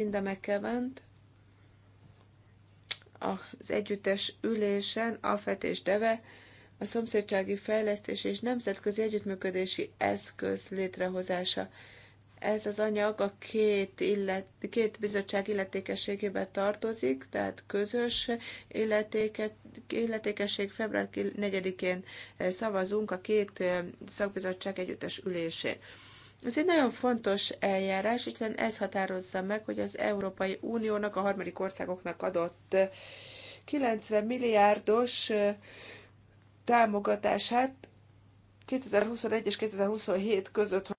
Linda McEvent az együttes ülésen Afet és Deve a szomszédsági fejlesztés és nemzetközi együttműködési eszköz létrehozása. Ez az anyag a két, illet, két bizottság illetékességébe tartozik, tehát közös illetéke, illetékesség február 4-én eh, szavazunk a két eh, szakbizottság együttes ülésén. Ez egy nagyon fontos eljárás, hiszen ez határozza meg, hogy az Európai Uniónak a harmadik országoknak adott 90 eh, milliárdos eh, támogatását 2021 és 2027 között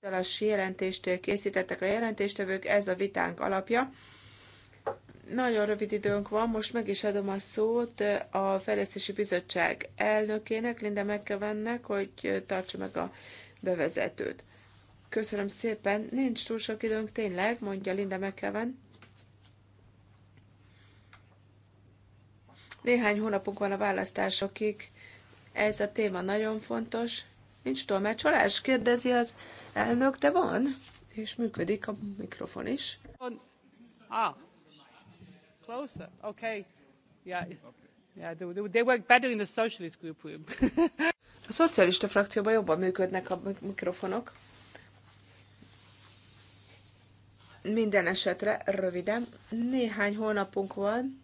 hivatalos jelentést készítettek a jelentéstevők, ez a vitánk alapja. Nagyon rövid időnk van, most meg is adom a szót a Fejlesztési Bizottság elnökének, Linda McKevennek, hogy tartsa meg a bevezetőt. Köszönöm szépen, nincs túl sok időnk, tényleg, mondja Linda McKeven. Néhány hónapunk van a választásokig, ez a téma nagyon fontos, Nincs tolmácsolás, kérdezi az elnök, de van, és működik a mikrofon is. Ah, closer, okay. Yeah. Yeah, they, they work better in the socialist group room. a szocialista frakcióban jobban működnek a mikrofonok. Minden esetre röviden, néhány hónapunk van,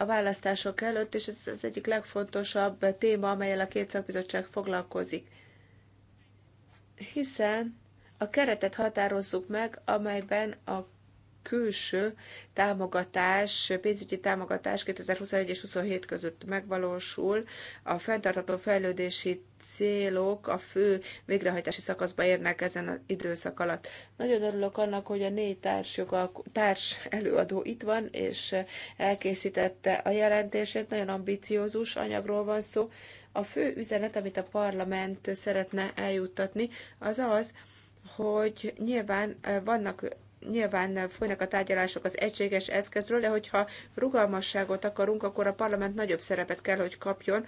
a választások előtt, és ez az egyik legfontosabb téma, amelyel a két szakbizottság foglalkozik. Hiszen a keretet határozzuk meg, amelyben a külső támogatás, pénzügyi támogatás 2021 és 27 között megvalósul. A fenntartható fejlődési célok a fő végrehajtási szakaszba érnek ezen az időszak alatt. Nagyon örülök annak, hogy a négy társ, társ előadó itt van, és elkészítette a jelentését. Nagyon ambiciózus anyagról van szó. A fő üzenet, amit a parlament szeretne eljuttatni, az az, hogy nyilván eh, vannak nyilván folynak a tárgyalások az egységes eszközről, de hogyha rugalmasságot akarunk, akkor a parlament nagyobb szerepet kell, hogy kapjon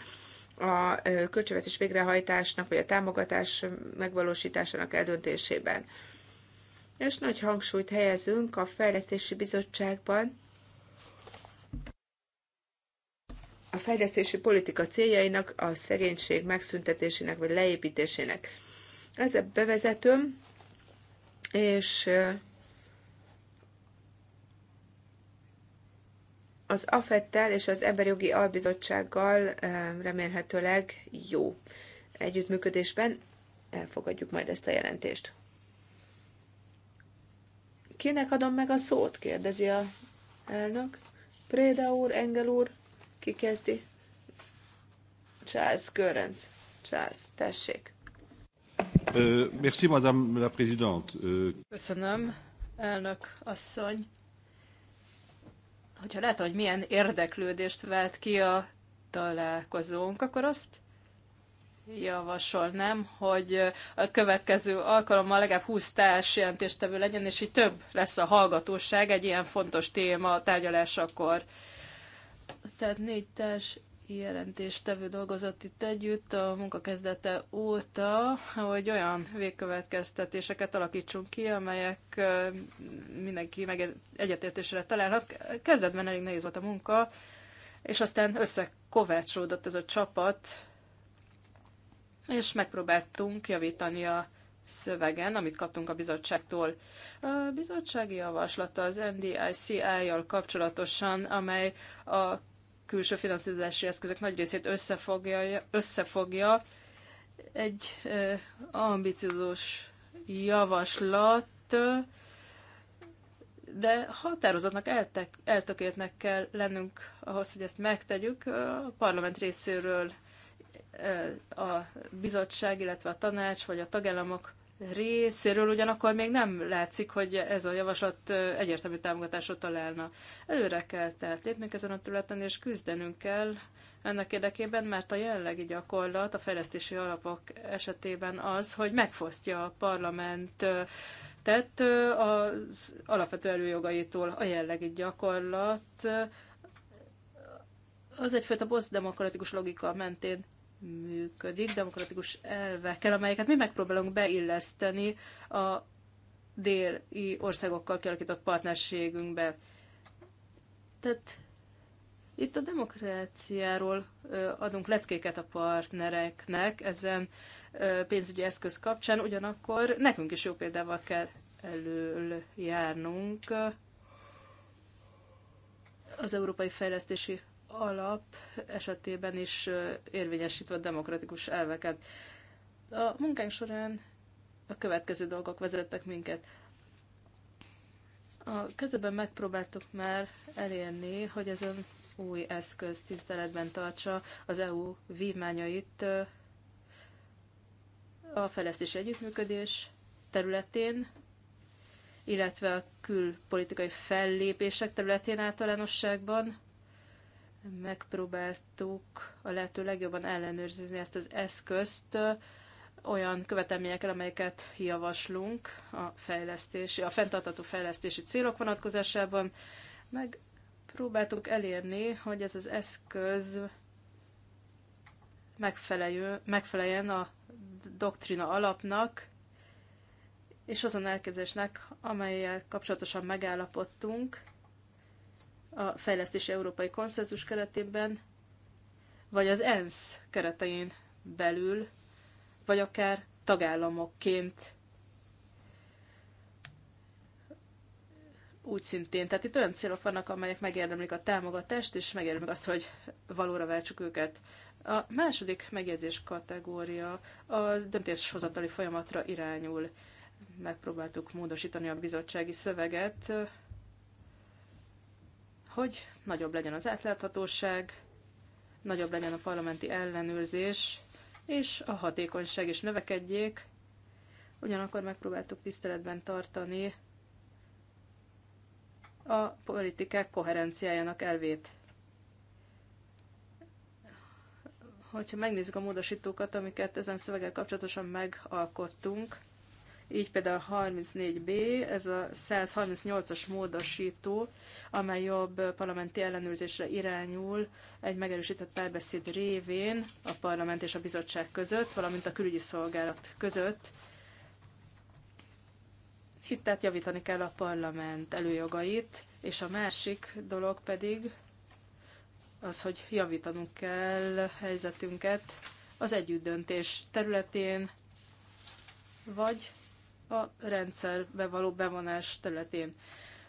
a költségvetés végrehajtásnak, vagy a támogatás megvalósításának eldöntésében. És nagy hangsúlyt helyezünk a Fejlesztési Bizottságban a fejlesztési politika céljainak, a szegénység megszüntetésének vagy leépítésének. Ez a bevezetőm, és az AFET-tel és az Emberi Albizottsággal eh, remélhetőleg jó együttműködésben elfogadjuk majd ezt a jelentést. Kinek adom meg a szót? kérdezi a elnök. Préda úr, Engel úr, ki kezdi? Charles Görens. Charles, tessék. Euh, merci, madame la présidente. Euh, Köszönöm, elnök asszony hogyha lehet, hogy milyen érdeklődést vált ki a találkozónk, akkor azt javasolnám, hogy a következő alkalommal legalább 20 társ jelentéstevő legyen, és így több lesz a hallgatóság egy ilyen fontos téma tárgyalásakor. Tehát négy társ jelentéstevő dolgozott itt együtt a munka kezdete óta, hogy olyan végkövetkeztetéseket alakítsunk ki, amelyek mindenki meg egyetértésre találhat. Kezdetben elég nehéz volt a munka, és aztán összekovácsolódott ez a csapat, és megpróbáltunk javítani a szövegen, amit kaptunk a bizottságtól. A bizottsági javaslata az NDICI-jal kapcsolatosan, amely a külső finanszírozási eszközök nagy részét összefogja, összefogja egy ambiciózus javaslat, de határozottnak, eltek, eltökéltnek kell lennünk ahhoz, hogy ezt megtegyük. A parlament részéről a bizottság, illetve a tanács vagy a tagállamok részéről ugyanakkor még nem látszik, hogy ez a javaslat egyértelmű támogatásra találna. Előre kell tehát lépnünk ezen a területen, és küzdenünk kell ennek érdekében, mert a jelenlegi gyakorlat a fejlesztési alapok esetében az, hogy megfosztja a parlament tett az alapvető előjogaitól a jelenlegi gyakorlat, az egyfajta boszdemokratikus logika mentén működik, demokratikus elvekkel, amelyeket mi megpróbálunk beilleszteni a déli országokkal kialakított partnerségünkbe. Tehát itt a demokráciáról adunk leckéket a partnereknek ezen pénzügyi eszköz kapcsán, ugyanakkor nekünk is jó példával kell elől járnunk az Európai Fejlesztési alap esetében is érvényesítve a demokratikus elveket. A munkánk során a következő dolgok vezettek minket. A közöben megpróbáltuk már elérni, hogy ez az új eszköz tiszteletben tartsa az EU vívmányait a fejlesztési együttműködés területén, illetve a külpolitikai fellépések területén általánosságban, megpróbáltuk a lehető legjobban ellenőrizni ezt az eszközt olyan követelményekkel, amelyeket javaslunk a fejlesztési, a fenntartató fejlesztési célok vonatkozásában, meg próbáltuk elérni, hogy ez az eszköz megfelelő, megfeleljen a doktrina alapnak, és azon elképzelésnek, amelyel kapcsolatosan megállapodtunk, a Fejlesztés Európai Konszenzus keretében, vagy az ENSZ keretein belül, vagy akár tagállamokként úgy szintén. Tehát itt olyan célok vannak, amelyek megérdemlik a támogatást, és megérdemlik azt, hogy valóra váltsuk őket. A második megjegyzés kategória a döntéshozatali folyamatra irányul. Megpróbáltuk módosítani a bizottsági szöveget hogy nagyobb legyen az átláthatóság, nagyobb legyen a parlamenti ellenőrzés, és a hatékonyság is növekedjék. Ugyanakkor megpróbáltuk tiszteletben tartani a politikák koherenciájának elvét. Hogyha megnézzük a módosítókat, amiket ezen szöveggel kapcsolatosan megalkottunk, így például 34B, ez a 138-as módosító, amely jobb parlamenti ellenőrzésre irányul egy megerősített párbeszéd révén a parlament és a bizottság között, valamint a külügyi szolgálat között. Itt tehát javítani kell a parlament előjogait, és a másik dolog pedig az, hogy javítanunk kell helyzetünket az együttdöntés területén, vagy a rendszerbe való bevonás területén.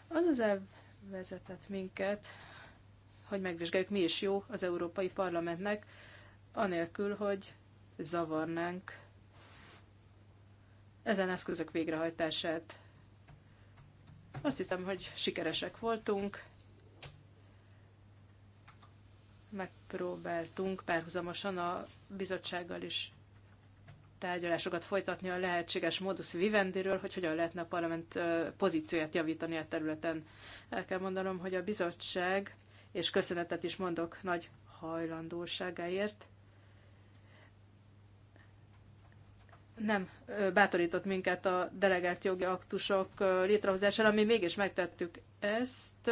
Az az vezetett minket, hogy megvizsgáljuk, mi is jó az Európai Parlamentnek, anélkül, hogy zavarnánk ezen eszközök végrehajtását. Azt hiszem, hogy sikeresek voltunk, megpróbáltunk párhuzamosan a bizottsággal is tárgyalásokat folytatni a lehetséges modus vivendiről, hogy hogyan lehetne a parlament pozícióját javítani a területen. El kell mondanom, hogy a bizottság, és köszönetet is mondok nagy hajlandóságáért, nem bátorított minket a delegált jogi aktusok létrehozására, mi mégis megtettük ezt.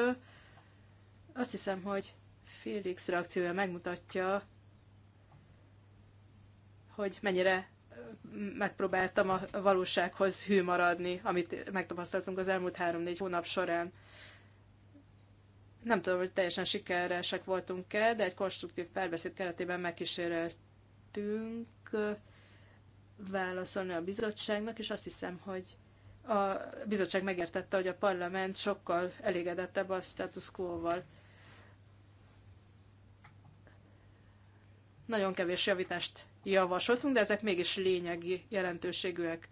Azt hiszem, hogy Félix reakciója megmutatja, hogy mennyire megpróbáltam a valósághoz hű maradni, amit megtapasztaltunk az elmúlt három-négy hónap során. Nem tudom, hogy teljesen sikeresek voltunk-e, de egy konstruktív párbeszéd keretében megkíséreltünk válaszolni a bizottságnak, és azt hiszem, hogy a bizottság megértette, hogy a parlament sokkal elégedettebb a status quo-val. Nagyon kevés javítást javasoltunk, de ezek mégis lényegi jelentőségűek.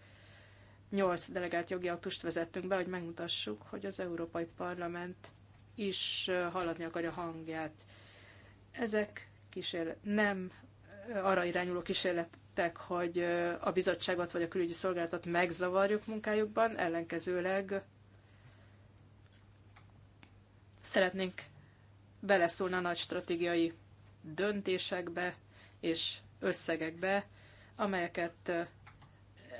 Nyolc delegált jogi aktust vezettünk be, hogy megmutassuk, hogy az Európai Parlament is hallatni akarja hangját. Ezek kísérlet, nem arra irányuló kísérletek, hogy a bizottságot vagy a külügyi szolgálatot megzavarjuk munkájukban, ellenkezőleg szeretnénk beleszólni a nagy stratégiai döntésekbe, és összegekbe, amelyeket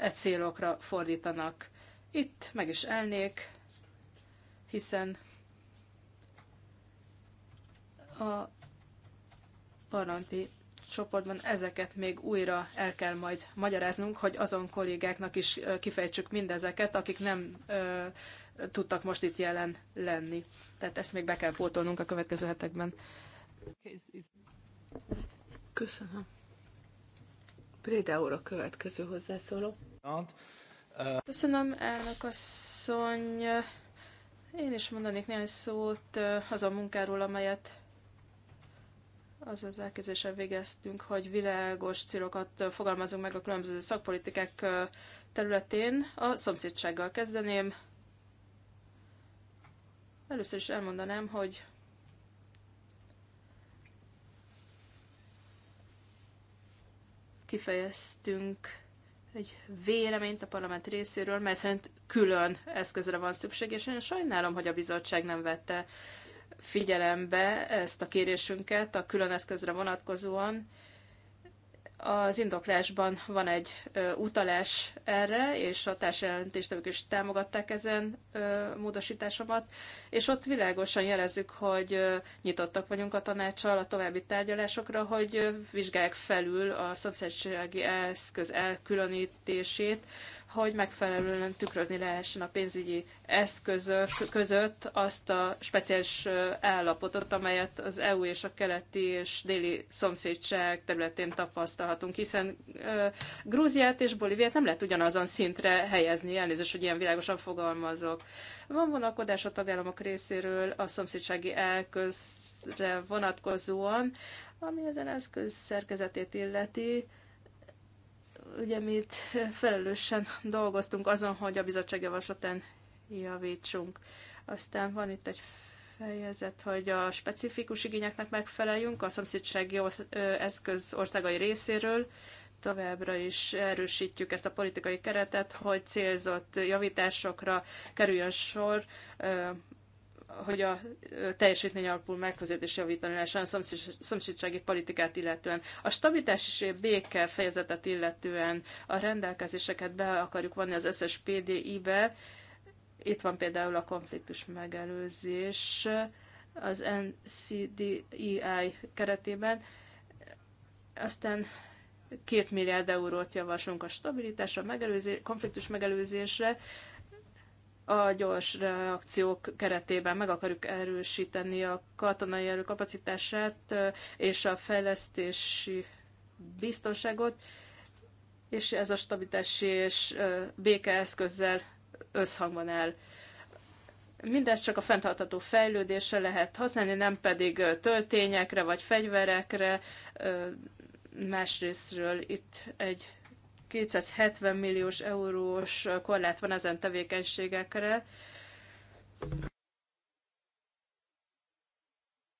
e célokra fordítanak. Itt meg is elnék, hiszen a parlamenti csoportban ezeket még újra el kell majd magyaráznunk, hogy azon kollégáknak is kifejtsük mindezeket, akik nem ö, tudtak most itt jelen lenni. Tehát ezt még be kell pótolnunk a következő hetekben. Köszönöm. Préda úr a következő hozzászóló. Uh, Köszönöm, elnök asszony. Én is mondanék néhány szót uh, az a munkáról, amelyet az az elképzéssel végeztünk, hogy világos célokat uh, fogalmazunk meg a különböző szakpolitikák területén. A szomszédsággal kezdeném. Először is elmondanám, hogy kifejeztünk egy véleményt a parlament részéről, mert szerint külön eszközre van szükség, és én sajnálom, hogy a bizottság nem vette figyelembe ezt a kérésünket a külön eszközre vonatkozóan, az indoklásban van egy utalás erre, és a társjelentéstevők is támogatták ezen módosításomat, és ott világosan jelezzük, hogy nyitottak vagyunk a tanácssal a további tárgyalásokra, hogy vizsgálják felül a szomszédsági eszköz elkülönítését, hogy megfelelően tükrözni lehessen a pénzügyi eszközök között azt a speciális állapotot, amelyet az EU és a keleti és déli szomszédság területén tapasztalhatunk, hiszen Grúziát és Bolíviát nem lehet ugyanazon szintre helyezni, elnézést, hogy ilyen világosan fogalmazok. Van vonakodás a tagállamok részéről a szomszédsági elközre vonatkozóan, ami ezen eszköz szerkezetét illeti, ugye mi itt felelősen dolgoztunk azon, hogy a bizottság javaslatán javítsunk. Aztán van itt egy fejezet, hogy a specifikus igényeknek megfeleljünk a szomszédsági eszköz országai részéről. Továbbra is erősítjük ezt a politikai keretet, hogy célzott javításokra kerüljön sor hogy a teljesítmény alapú megközelítés javítani a szomszédsági politikát illetően. A stabilitás és béke fejezetet illetően a rendelkezéseket be akarjuk vonni az összes PDI-be. Itt van például a konfliktus megelőzés az NCDEI keretében. Aztán két milliárd eurót javaslunk a stabilitásra, megelőzés, konfliktus megelőzésre, a gyors reakciók keretében meg akarjuk erősíteni a katonai erőkapacitását és a fejlesztési biztonságot, és ez a stabilitási és eszközzel összhangban áll. Mindez csak a fenntartható fejlődésre lehet használni, nem pedig töltényekre vagy fegyverekre. Másrésztről itt egy 270 milliós eurós korlát van ezen tevékenységekre,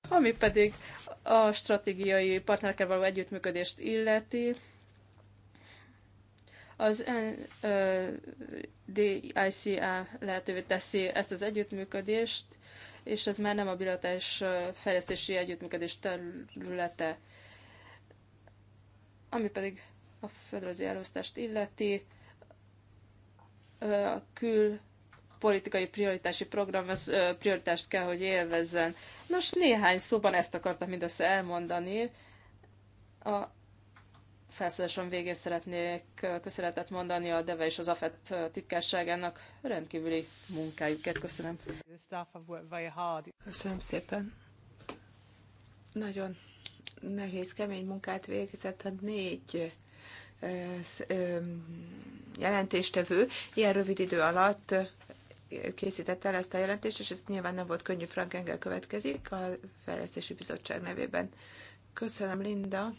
ami pedig a stratégiai partnerekkel való együttműködést illeti. Az DICA lehetővé teszi ezt az együttműködést, és ez már nem a bilatás fejlesztési együttműködés területe, ami pedig a földrajzi elosztást illeti, a kül politikai prioritási program, ez prioritást kell, hogy élvezzen. Nos, néhány szóban ezt akartam mindössze elmondani. A felszólásom végén szeretnék köszönetet mondani a DEVE és az AFET titkárságának rendkívüli munkájukat. Köszönöm. Köszönöm szépen. Nagyon nehéz, kemény munkát végzett a négy jelentéstevő ilyen rövid idő alatt készítette el ezt a jelentést, és ez nyilván nem volt könnyű. Frank Engel következik a Fejlesztési Bizottság nevében. Köszönöm, Linda.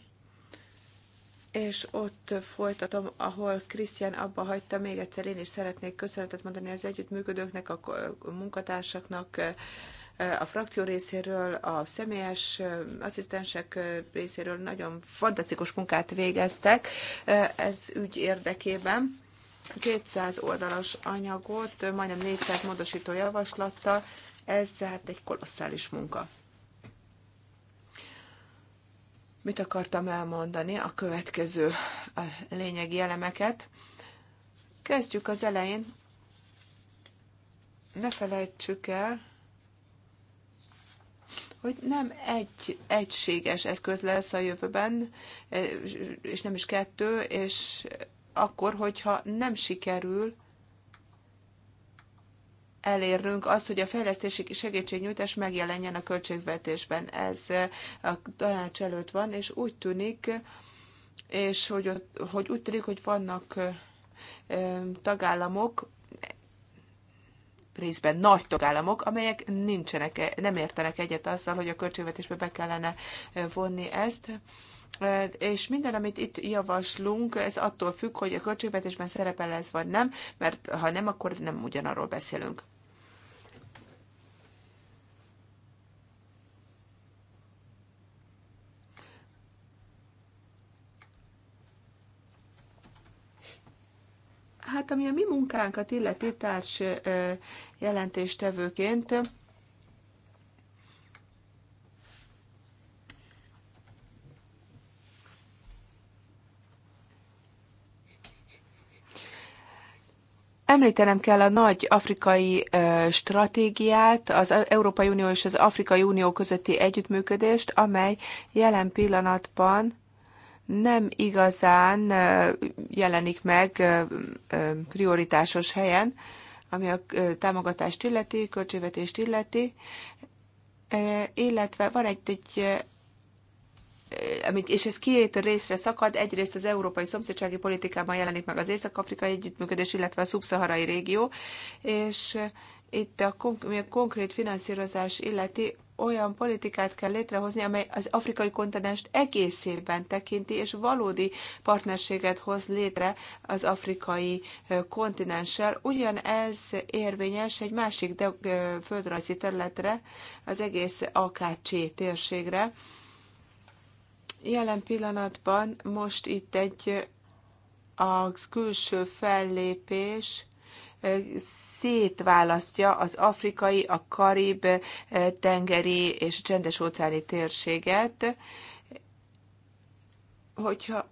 És ott folytatom, ahol Krisztián abba hagyta, még egyszer én is szeretnék köszönetet mondani az együttműködőknek, a munkatársaknak, a frakció részéről, a személyes asszisztensek részéről nagyon fantasztikus munkát végeztek ez ügy érdekében. 200 oldalas anyagot, majdnem 400 módosító javaslattal, ez hát egy kolosszális munka. Mit akartam elmondani? A következő a lényegi elemeket. Kezdjük az elején. Ne felejtsük el, hogy nem egy egységes eszköz lesz a jövőben, e, és nem is kettő, és akkor, hogyha nem sikerül elérnünk azt, hogy a fejlesztési segítségnyújtás megjelenjen a költségvetésben. Ez e, a tanács előtt van, és úgy tűnik, és hogy, hogy úgy tűnik, hogy vannak e, tagállamok, részben nagy tagállamok, amelyek nincsenek, nem értenek egyet azzal, hogy a költségvetésbe be kellene vonni ezt. És minden, amit itt javaslunk, ez attól függ, hogy a költségvetésben szerepel ez vagy nem, mert ha nem, akkor nem ugyanarról beszélünk. Hát ami a mi munkánkat illeti társ jelentéstevőként, Említenem kell a nagy afrikai stratégiát, az Európai Unió és az Afrikai Unió közötti együttműködést, amely jelen pillanatban nem igazán jelenik meg prioritásos helyen, ami a támogatást illeti, költségvetést illeti, illetve van egy, egy amit, és ez két részre szakad, egyrészt az európai szomszédsági politikában jelenik meg az észak-afrikai együttműködés, illetve a szubszaharai régió, és itt a, a konkrét finanszírozás illeti, olyan politikát kell létrehozni, amely az afrikai kontinenst egészében tekinti, és valódi partnerséget hoz létre az afrikai kontinenssel. Ugyanez érvényes egy másik de- földrajzi területre, az egész AKC térségre. Jelen pillanatban most itt egy a külső fellépés szétválasztja az afrikai, a karib tengeri és csendes óceáni térséget, hogyha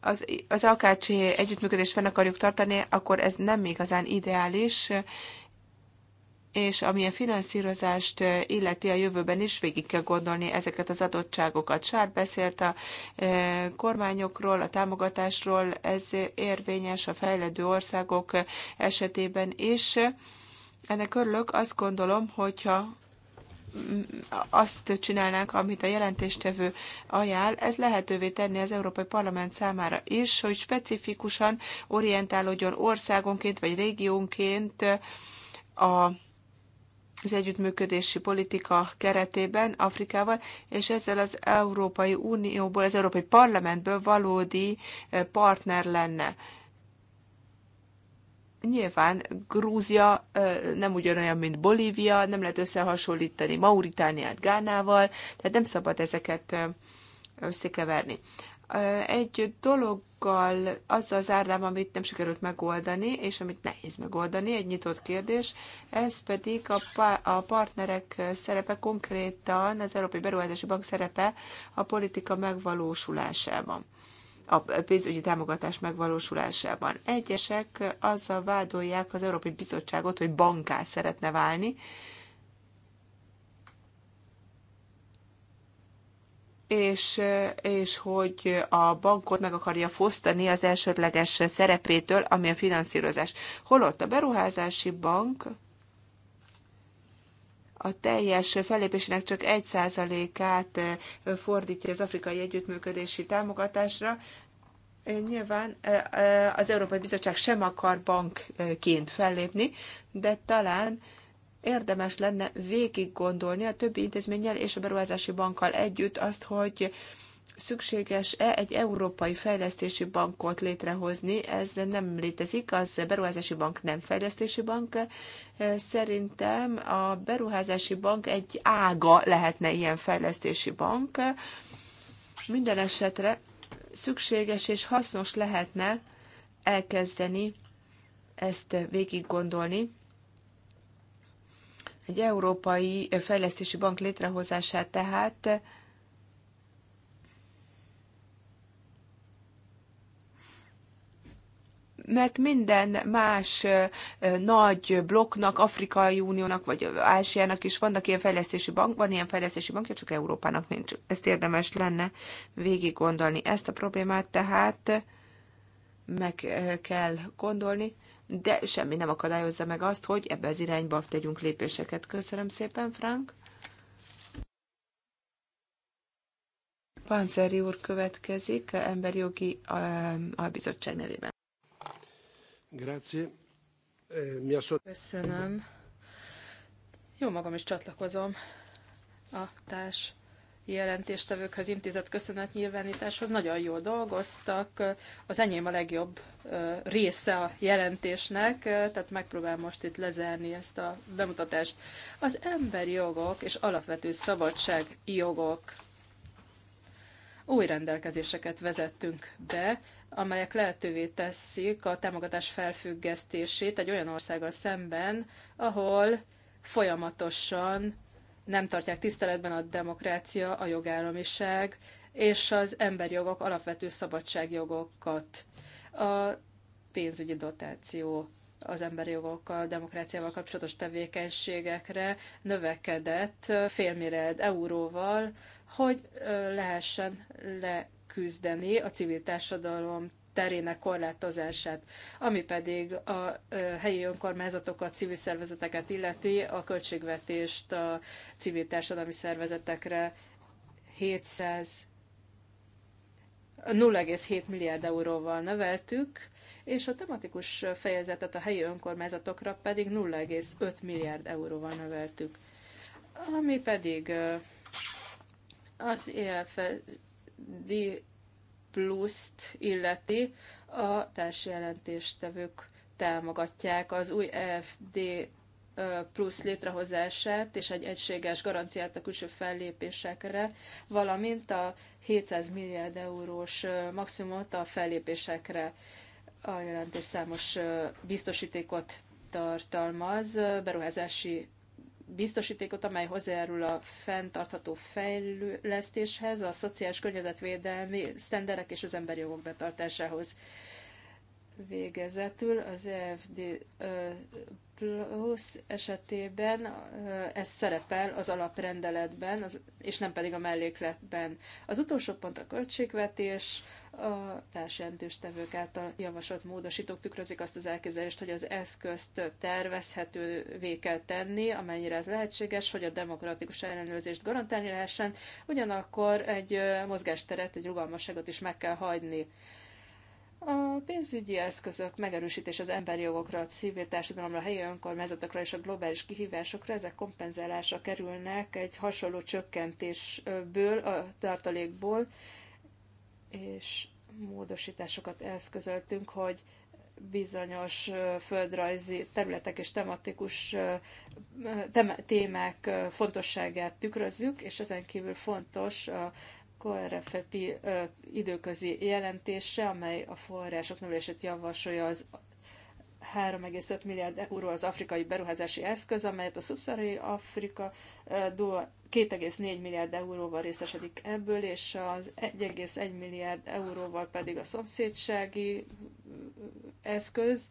az, az AKC együttműködést fenn akarjuk tartani, akkor ez nem igazán ideális, és ami a finanszírozást illeti a jövőben is, végig kell gondolni ezeket az adottságokat. Sár beszélt a kormányokról, a támogatásról, ez érvényes a fejlődő országok esetében is. Ennek örülök, azt gondolom, hogyha mm, azt csinálnánk, amit a jelentéstevő ajánl, ez lehetővé tenni az Európai Parlament számára is, hogy specifikusan orientálódjon országonként vagy régiónként a az együttműködési politika keretében Afrikával, és ezzel az Európai Unióból, az Európai Parlamentből valódi partner lenne. Nyilván Grúzia nem ugyanolyan, mint Bolívia, nem lehet összehasonlítani Mauritániát Gánával, tehát nem szabad ezeket összekeverni egy dologgal, az az árlám, amit nem sikerült megoldani, és amit nehéz megoldani, egy nyitott kérdés, ez pedig a, pa- a partnerek szerepe, konkrétan az Európai Beruházási Bank szerepe a politika megvalósulásában a pénzügyi támogatás megvalósulásában. Egyesek azzal vádolják az Európai Bizottságot, hogy banká szeretne válni, és, és hogy a bankot meg akarja fosztani az elsődleges szerepétől, ami a finanszírozás. Holott a beruházási bank a teljes fellépésének csak egy százalékát fordítja az afrikai együttműködési támogatásra. Nyilván az Európai Bizottság sem akar bankként fellépni, de talán érdemes lenne végig gondolni a többi intézménnyel és a beruházási bankkal együtt azt, hogy szükséges-e egy európai fejlesztési bankot létrehozni. Ez nem létezik, az beruházási bank nem fejlesztési bank. Szerintem a beruházási bank egy ága lehetne ilyen fejlesztési bank. Minden esetre szükséges és hasznos lehetne elkezdeni ezt végig gondolni egy európai fejlesztési bank létrehozását tehát mert minden más nagy blokknak, Afrikai Uniónak vagy Ázsiának is vannak ilyen fejlesztési bank, van ilyen fejlesztési bankja, csak Európának nincs. Ezt érdemes lenne végig gondolni. Ezt a problémát tehát meg kell gondolni de semmi nem akadályozza meg azt, hogy ebbe az irányba tegyünk lépéseket. Köszönöm szépen, Frank. Panzeri úr következik, emberi jogi um, albizottság nevében. Eh, Köszönöm. Jó magam is csatlakozom a társ jelentéstevőkhöz intézett köszönetnyilvánításhoz. Nagyon jól dolgoztak. Az enyém a legjobb része a jelentésnek, tehát megpróbálom most itt lezárni ezt a bemutatást. Az emberi jogok és alapvető szabadság jogok új rendelkezéseket vezettünk be, amelyek lehetővé teszik a támogatás felfüggesztését egy olyan országgal szemben, ahol folyamatosan nem tartják tiszteletben a demokrácia, a jogállamiság és az emberjogok, alapvető szabadságjogokat. A pénzügyi dotáció az emberi jogokkal, demokráciával kapcsolatos tevékenységekre növekedett félméred euróval, hogy lehessen leküzdeni a civil társadalom terének korlátozását, ami pedig a helyi önkormányzatokat, civil szervezeteket illeti, a költségvetést a civil társadalmi szervezetekre 700 0,7 milliárd euróval növeltük, és a tematikus fejezetet a helyi önkormányzatokra pedig 0,5 milliárd euróval növeltük. Ami pedig az EFD pluszt illeti, a társjelentéstevők támogatják az új EFD plusz létrehozását és egy egységes garanciát a külső fellépésekre, valamint a 700 milliárd eurós maximumot a fellépésekre a jelentés számos biztosítékot tartalmaz, beruházási biztosítékot, amely hozzájárul a fenntartható fejlesztéshez, a szociális környezetvédelmi sztenderek és az emberi jogok betartásához. Végezetül az EFD plusz esetében ez szerepel az alaprendeletben, és nem pedig a mellékletben. Az utolsó pont a költségvetés, a tevők által javasolt módosítók tükrözik azt az elképzelést, hogy az eszközt tervezhetővé kell tenni, amennyire ez lehetséges, hogy a demokratikus ellenőrzést garantálni lehessen, ugyanakkor egy mozgásteret, egy rugalmasságot is meg kell hagyni. A pénzügyi eszközök megerősítés az emberi jogokra, a civil társadalomra, a helyi önkormányzatokra és a globális kihívásokra, ezek kompenzálásra kerülnek egy hasonló csökkentésből, a tartalékból, és módosításokat eszközöltünk, hogy bizonyos földrajzi területek és tematikus témák fontosságát tükrözzük, és ezen kívül fontos a KRFP időközi jelentése, amely a források növelését javasolja az 3,5 milliárd euró az afrikai beruházási eszköz, amelyet a szubszárai Afrika 2,4 milliárd euróval részesedik ebből, és az 1,1 milliárd euróval pedig a szomszédsági eszköz.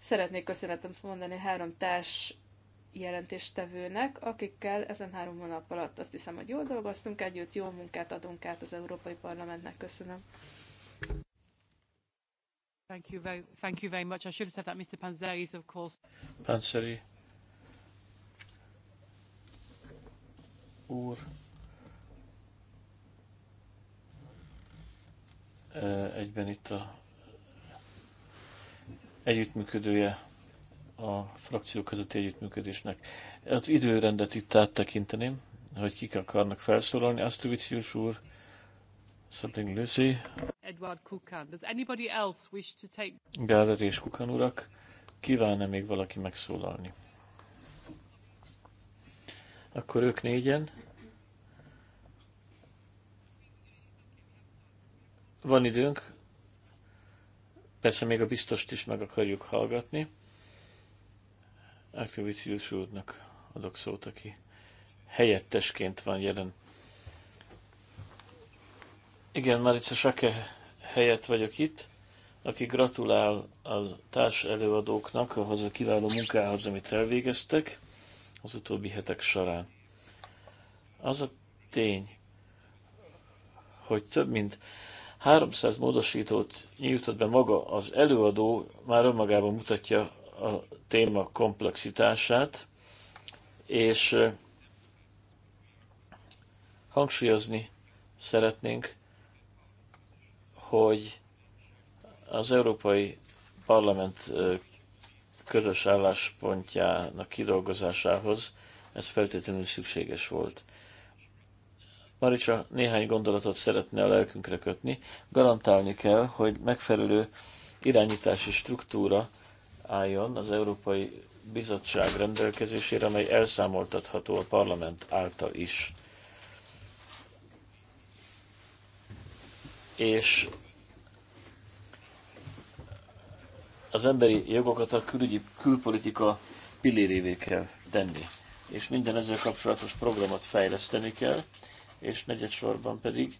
Szeretnék köszönetet mondani három társ jelentéstevőnek, akikkel ezen három hónap alatt azt hiszem, hogy jól dolgoztunk együtt, jó munkát adunk át az Európai Parlamentnek. Köszönöm. Thank you very, thank you very much. I should have said that Mr. Panzeri of course. Panzeri úr egyben itt a együttműködője a frakció közötti együttműködésnek. Az időrendet itt áttekinteném, hogy kik akarnak felszólalni. Astrovicius úr, Szabling Lucy, Edward Kukan. Does anybody else wish to take... Gáler és Kukan urak, kíván-e még valaki megszólalni? Akkor ők négyen. Van időnk, persze még a biztost is meg akarjuk hallgatni. Árkavicius úrnak adok szót, aki helyettesként van jelen. Igen, Marica Sake helyett vagyok itt, aki gratulál a társ előadóknak ahhoz a kiváló munkához, amit elvégeztek az utóbbi hetek során. Az a tény, hogy több mint 300 módosítót nyújtott be maga az előadó, már önmagában mutatja a téma komplexitását, és hangsúlyozni szeretnénk, hogy az Európai Parlament közös álláspontjának kidolgozásához ez feltétlenül szükséges volt. Maricsa néhány gondolatot szeretne a lelkünkre kötni. Garantálni kell, hogy megfelelő irányítási struktúra álljon az Európai Bizottság rendelkezésére, amely elszámoltatható a parlament által is. És az emberi jogokat a külügyi, külpolitika pillérévé kell tenni. És minden ezzel kapcsolatos programot fejleszteni kell, és negyedsorban pedig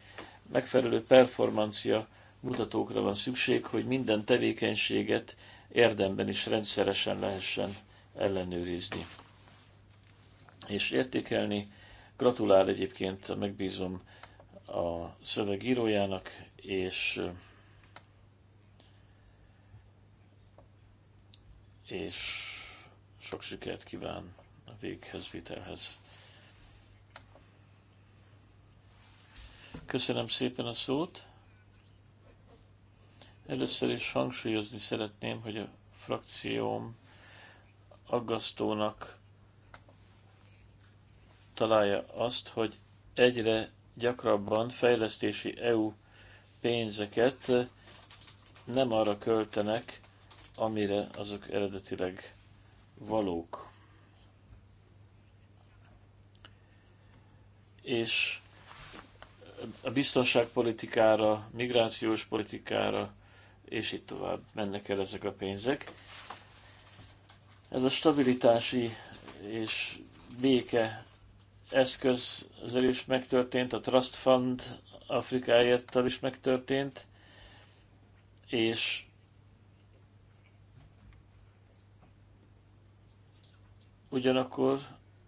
megfelelő performancia mutatókra van szükség, hogy minden tevékenységet érdemben is rendszeresen lehessen ellenőrizni és értékelni. Gratulál egyébként, megbízom a szövegírójának, és és sok sikert kíván a véghez vitelhez. Köszönöm szépen a szót. Először is hangsúlyozni szeretném, hogy a frakcióm aggasztónak találja azt, hogy egyre gyakrabban fejlesztési EU pénzeket nem arra költenek, amire azok eredetileg valók. És a biztonságpolitikára, migrációs politikára, és itt tovább mennek el ezek a pénzek. Ez a stabilitási és béke eszköz ezzel is megtörtént, a Trust Fund Afrikáérttal is megtörtént, és ugyanakkor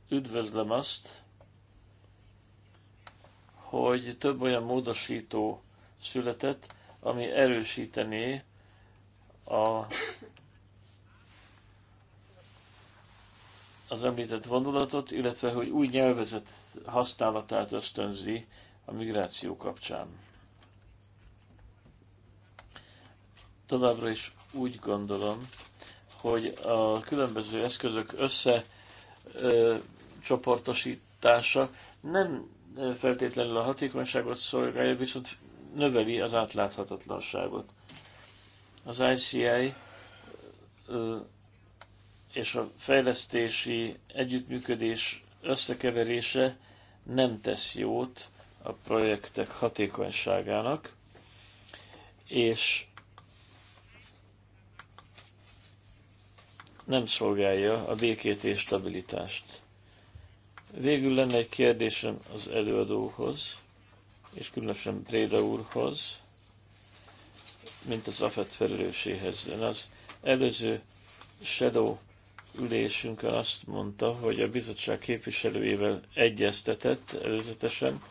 üdvözlöm azt, hogy több olyan módosító született, ami erősítené a, az említett vonulatot, illetve hogy új nyelvezet használatát ösztönzi a migráció kapcsán. Továbbra is úgy gondolom, hogy a különböző eszközök összecsoportosítása nem feltétlenül a hatékonyságot szolgálja, viszont növeli az átláthatatlanságot. Az ICI és a fejlesztési együttműködés összekeverése nem tesz jót a projektek hatékonyságának, és nem szolgálja a békét és stabilitást. Végül lenne egy kérdésem az előadóhoz és különösen Préda úrhoz, mint az AFET felelőséhez. Ön az előző Shadow ülésünkön azt mondta, hogy a bizottság képviselőjével egyeztetett előzetesen,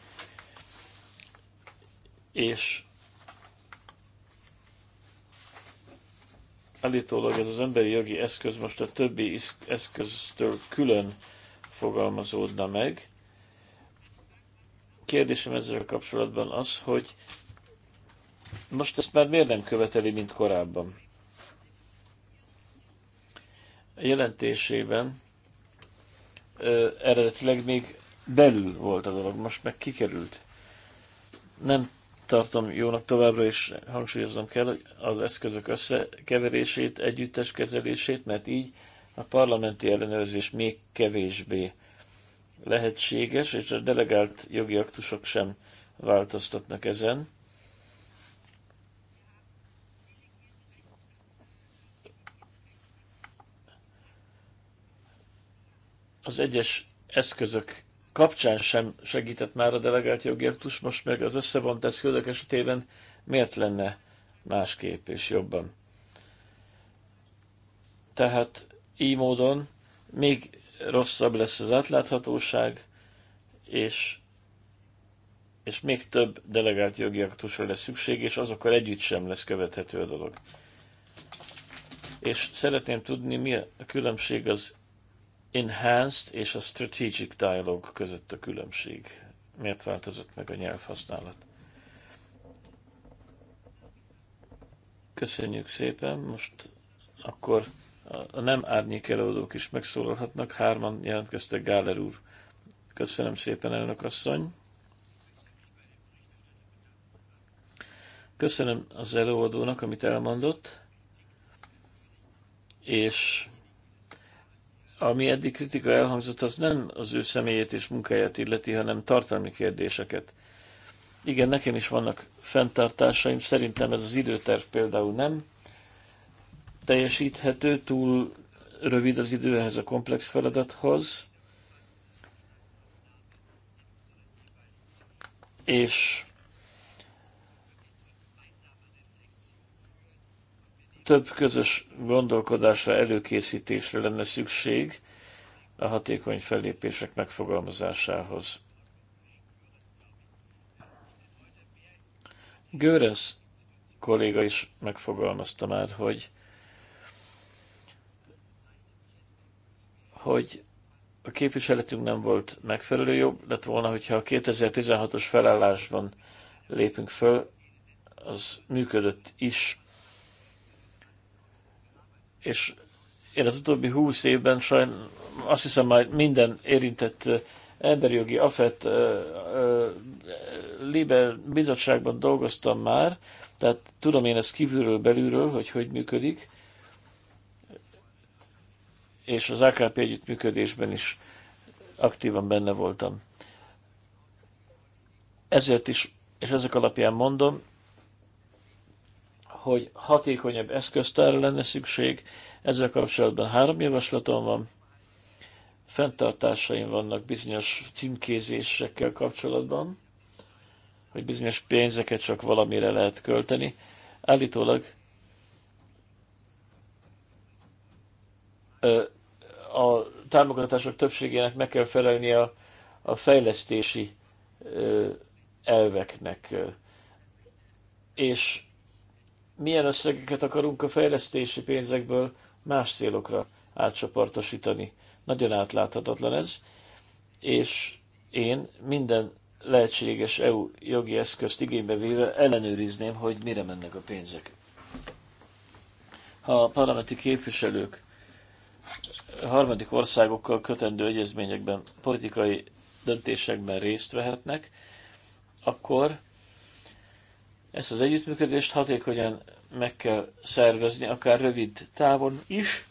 és állítólag ez az emberi jogi eszköz most a többi eszköztől külön fogalmazódna meg, kérdésem ezzel kapcsolatban az, hogy most ezt már miért nem követeli, mint korábban? A jelentésében ö, eredetileg még belül volt a dolog, most meg kikerült. Nem tartom jónak továbbra, és hangsúlyoznom kell, hogy az eszközök összekeverését, együttes kezelését, mert így a parlamenti ellenőrzés még kevésbé lehetséges, és a delegált jogi aktusok sem változtatnak ezen. Az egyes eszközök kapcsán sem segített már a delegált jogi aktus, most meg az összevont eszközök esetében miért lenne másképp és jobban. Tehát így módon még rosszabb lesz az átláthatóság, és, és még több delegált jogi aktusra lesz szükség, és azokkal együtt sem lesz követhető a dolog. És szeretném tudni, mi a különbség az enhanced és a strategic dialogue között a különbség. Miért változott meg a nyelvhasználat? Köszönjük szépen, most akkor a nem árnyék előadók is megszólalhatnak. Hárman jelentkeztek Gáler úr. Köszönöm szépen, elnök asszony. Köszönöm az előadónak, amit elmondott, és ami eddig kritika elhangzott, az nem az ő személyét és munkáját illeti, hanem tartalmi kérdéseket. Igen, nekem is vannak fenntartásaim, szerintem ez az időterv például nem teljesíthető, túl rövid az idő ehhez a komplex feladathoz, és több közös gondolkodásra, előkészítésre lenne szükség a hatékony fellépések megfogalmazásához. Görens kolléga is megfogalmazta már, hogy hogy a képviseletünk nem volt megfelelő jobb, lett volna, hogyha a 2016-os felállásban lépünk föl, az működött is. És én az utóbbi húsz évben sajn, azt hiszem már minden érintett emberjogi afet liber bizottságban dolgoztam már, tehát tudom én ezt kívülről, belülről, hogy hogy működik, és az AKP együttműködésben is aktívan benne voltam. Ezért is, és ezek alapján mondom, hogy hatékonyabb eszköztárra lenne szükség. Ezzel kapcsolatban három javaslatom van. Fenntartásaim vannak bizonyos címkézésekkel kapcsolatban, hogy bizonyos pénzeket csak valamire lehet költeni. Állítólag a támogatások többségének meg kell felelni a, a fejlesztési elveknek. És milyen összegeket akarunk a fejlesztési pénzekből más célokra átcsoportosítani. Nagyon átláthatatlan ez, és én minden lehetséges EU jogi eszközt igénybe véve ellenőrizném, hogy mire mennek a pénzek. Ha a parlamenti képviselők harmadik országokkal kötendő egyezményekben, politikai döntésekben részt vehetnek, akkor ezt az együttműködést hatékonyan meg kell szervezni, akár rövid távon is.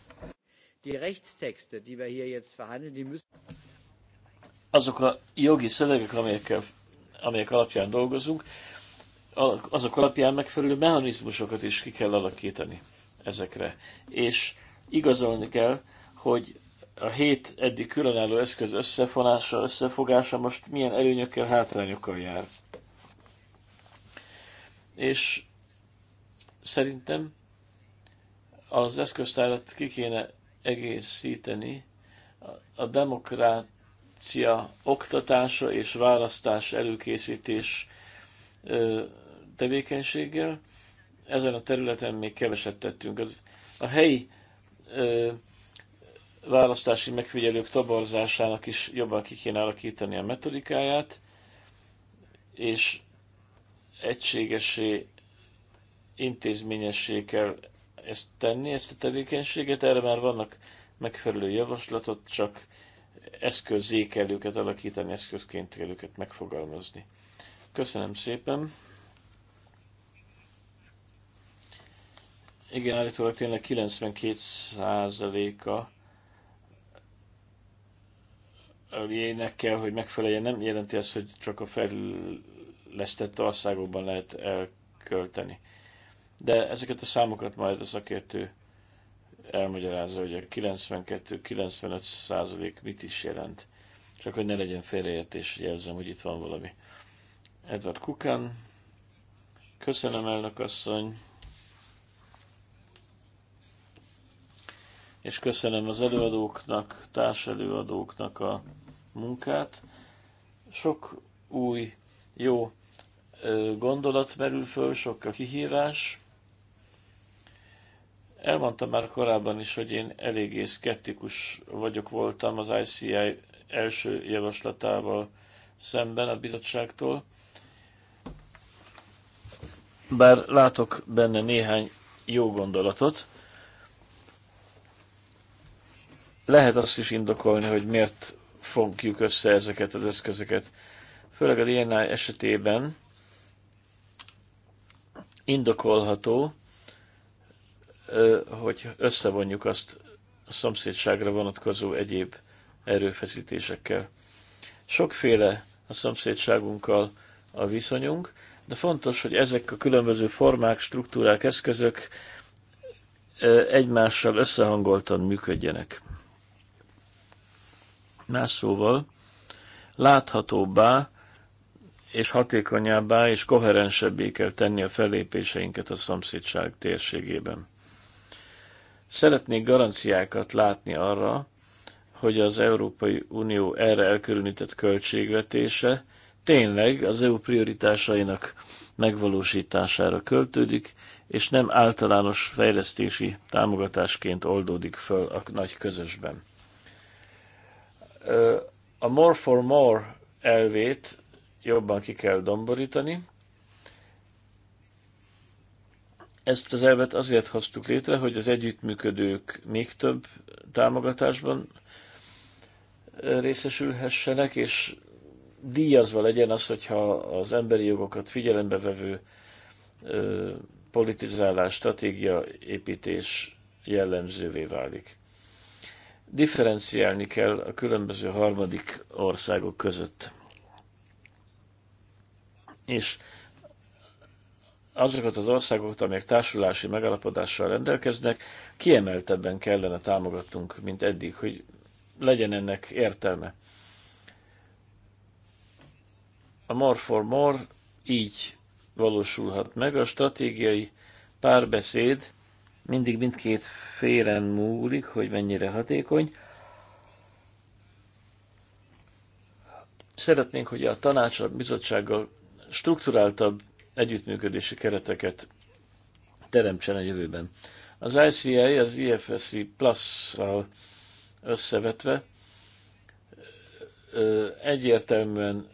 Azok a jogi szövegek, amelyekkel, amelyek alapján dolgozunk, azok alapján megfelelő mechanizmusokat is ki kell alakítani ezekre. És igazolni kell, hogy a hét eddig különálló eszköz összefonása, összefogása most milyen előnyökkel, hátrányokkal jár. És szerintem az eszköztárat ki kéne egészíteni a demokrácia oktatása és választás előkészítés tevékenységgel. Ezen a területen még keveset tettünk. Az, a helyi választási megfigyelők toborzásának is jobban ki kéne alakítani a metodikáját, és egységesé, intézményessé kell ezt tenni, ezt a tevékenységet. Erre már vannak megfelelő javaslatot, csak eszközé kell őket alakítani, eszközként kell őket megfogalmazni. Köszönöm szépen! Igen, állítólag tényleg 92%-a eljének kell, hogy megfeleljen, nem jelenti azt, hogy csak a fejlesztett országokban lehet elkölteni. De ezeket a számokat majd a szakértő elmagyarázza, hogy a 92-95 százalék mit is jelent. Csak hogy ne legyen félreértés, jelzem, hogy itt van valami. Edward Kukan. Köszönöm, elnök asszony. És köszönöm az előadóknak, társelőadóknak a munkát. Sok új, jó gondolat merül föl, sok a kihívás. Elmondtam már korábban is, hogy én eléggé szkeptikus vagyok voltam az ICI első javaslatával szemben a bizottságtól. Bár látok benne néhány jó gondolatot, lehet azt is indokolni, hogy miért fogjuk össze ezeket az eszközöket. Főleg a DNA esetében indokolható, hogy összevonjuk azt a szomszédságra vonatkozó egyéb erőfeszítésekkel. Sokféle a szomszédságunkkal a viszonyunk, de fontos, hogy ezek a különböző formák, struktúrák, eszközök egymással összehangoltan működjenek. Más szóval láthatóbbá és hatékonyabbá és koherensebbé kell tenni a fellépéseinket a szomszédság térségében. Szeretnék garanciákat látni arra, hogy az Európai Unió erre elkülönített költségvetése tényleg az EU prioritásainak megvalósítására költődik, és nem általános fejlesztési támogatásként oldódik föl a nagy közösben. A more for more elvét jobban ki kell domborítani. Ezt az elvet azért hoztuk létre, hogy az együttműködők még több támogatásban részesülhessenek, és díjazva legyen az, hogyha az emberi jogokat figyelembe vevő politizálás, stratégia építés jellemzővé válik differenciálni kell a különböző harmadik országok között. És azokat az országokat, amelyek társulási megalapodással rendelkeznek, kiemeltebben kellene támogatnunk, mint eddig, hogy legyen ennek értelme. A More for More így valósulhat meg, a stratégiai párbeszéd mindig mindkét félen múlik, hogy mennyire hatékony. Szeretnénk, hogy a tanács a bizottsággal strukturáltabb együttműködési kereteket teremtsen a jövőben. Az ICA, az IFSC Plus-szal összevetve egyértelműen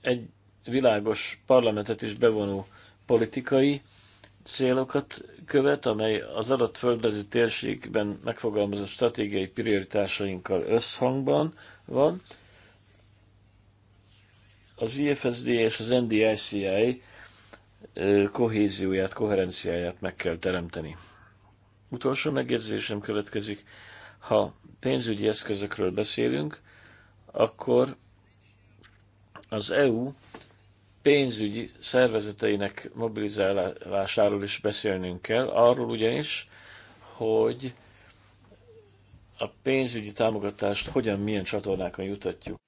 egy világos parlamentet is bevonó politikai célokat követ, amely az adott földrajzi térségben megfogalmazott stratégiai prioritásainkkal összhangban van. Az IFSD és az NDICI kohézióját, koherenciáját meg kell teremteni. Utolsó megjegyzésem következik. Ha pénzügyi eszközökről beszélünk, akkor az EU pénzügyi szervezeteinek mobilizálásáról is beszélnünk kell, arról ugyanis, hogy a pénzügyi támogatást hogyan, milyen csatornákon jutatjuk.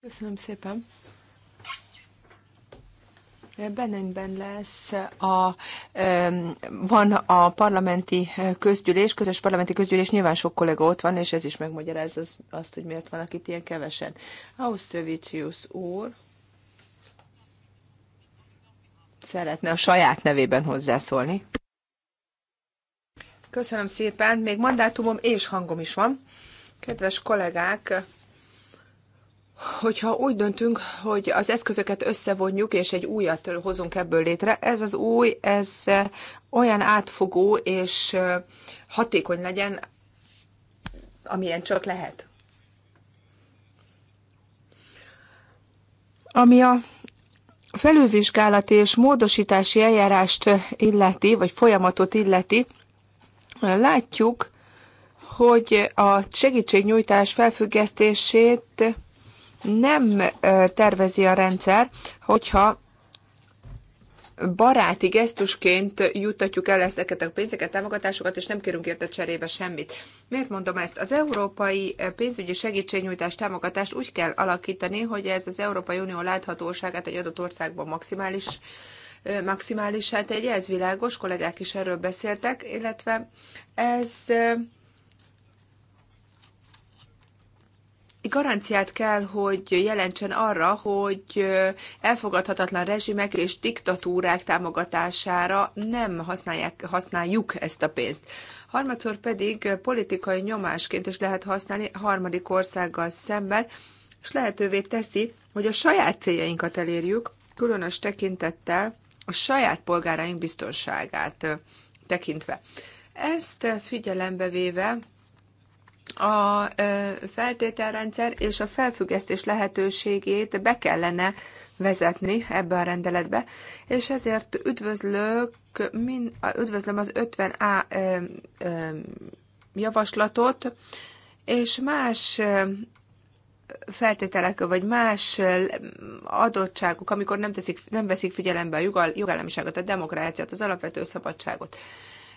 Köszönöm szépen. Benenben lesz a, van a parlamenti közgyűlés, közös parlamenti közgyűlés, nyilván sok kollega ott van, és ez is megmagyarázza azt, hogy miért van itt ilyen kevesen. Ausztrovicius úr szeretne a saját nevében hozzászólni. Köszönöm szépen, még mandátumom és hangom is van. Kedves kollégák, hogyha úgy döntünk, hogy az eszközöket összevonjuk, és egy újat hozunk ebből létre, ez az új, ez olyan átfogó és hatékony legyen, amilyen csak lehet. Ami a felülvizsgálati és módosítási eljárást illeti, vagy folyamatot illeti, látjuk, hogy a segítségnyújtás felfüggesztését nem tervezi a rendszer, hogyha baráti gesztusként juttatjuk el ezeket a pénzeket, támogatásokat, és nem kérünk érte cserébe semmit. Miért mondom ezt? Az európai pénzügyi segítségnyújtás támogatást úgy kell alakítani, hogy ez az Európai Unió láthatóságát egy adott országban maximális maximálisá tegye, ez világos, kollégák is erről beszéltek, illetve ez garanciát kell, hogy jelentsen arra, hogy elfogadhatatlan rezsimek és diktatúrák támogatására nem használják, használjuk ezt a pénzt. Harmadszor pedig politikai nyomásként is lehet használni harmadik országgal szemben, és lehetővé teszi, hogy a saját céljainkat elérjük, különös tekintettel a saját polgáraink biztonságát tekintve. Ezt figyelembe véve a feltételrendszer és a felfüggesztés lehetőségét be kellene vezetni ebbe a rendeletbe, és ezért üdvözlök, min, üdvözlöm az 50A javaslatot, és más feltételek, vagy más adottságok, amikor nem, teszik, nem veszik figyelembe a jogállamiságot, a demokráciát, az alapvető szabadságot,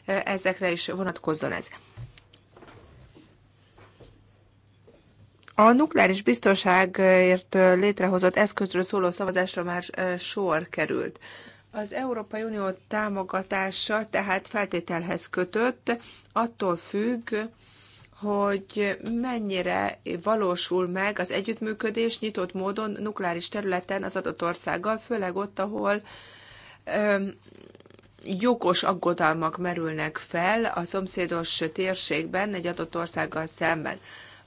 ezekre is vonatkozzon ez. A nukleáris biztonságért létrehozott eszközről szóló szavazásra már sor került. Az Európai Unió támogatása tehát feltételhez kötött, attól függ, hogy mennyire valósul meg az együttműködés nyitott módon nukleáris területen az adott országgal, főleg ott, ahol öm, jogos aggodalmak merülnek fel a szomszédos térségben egy adott országgal szemben.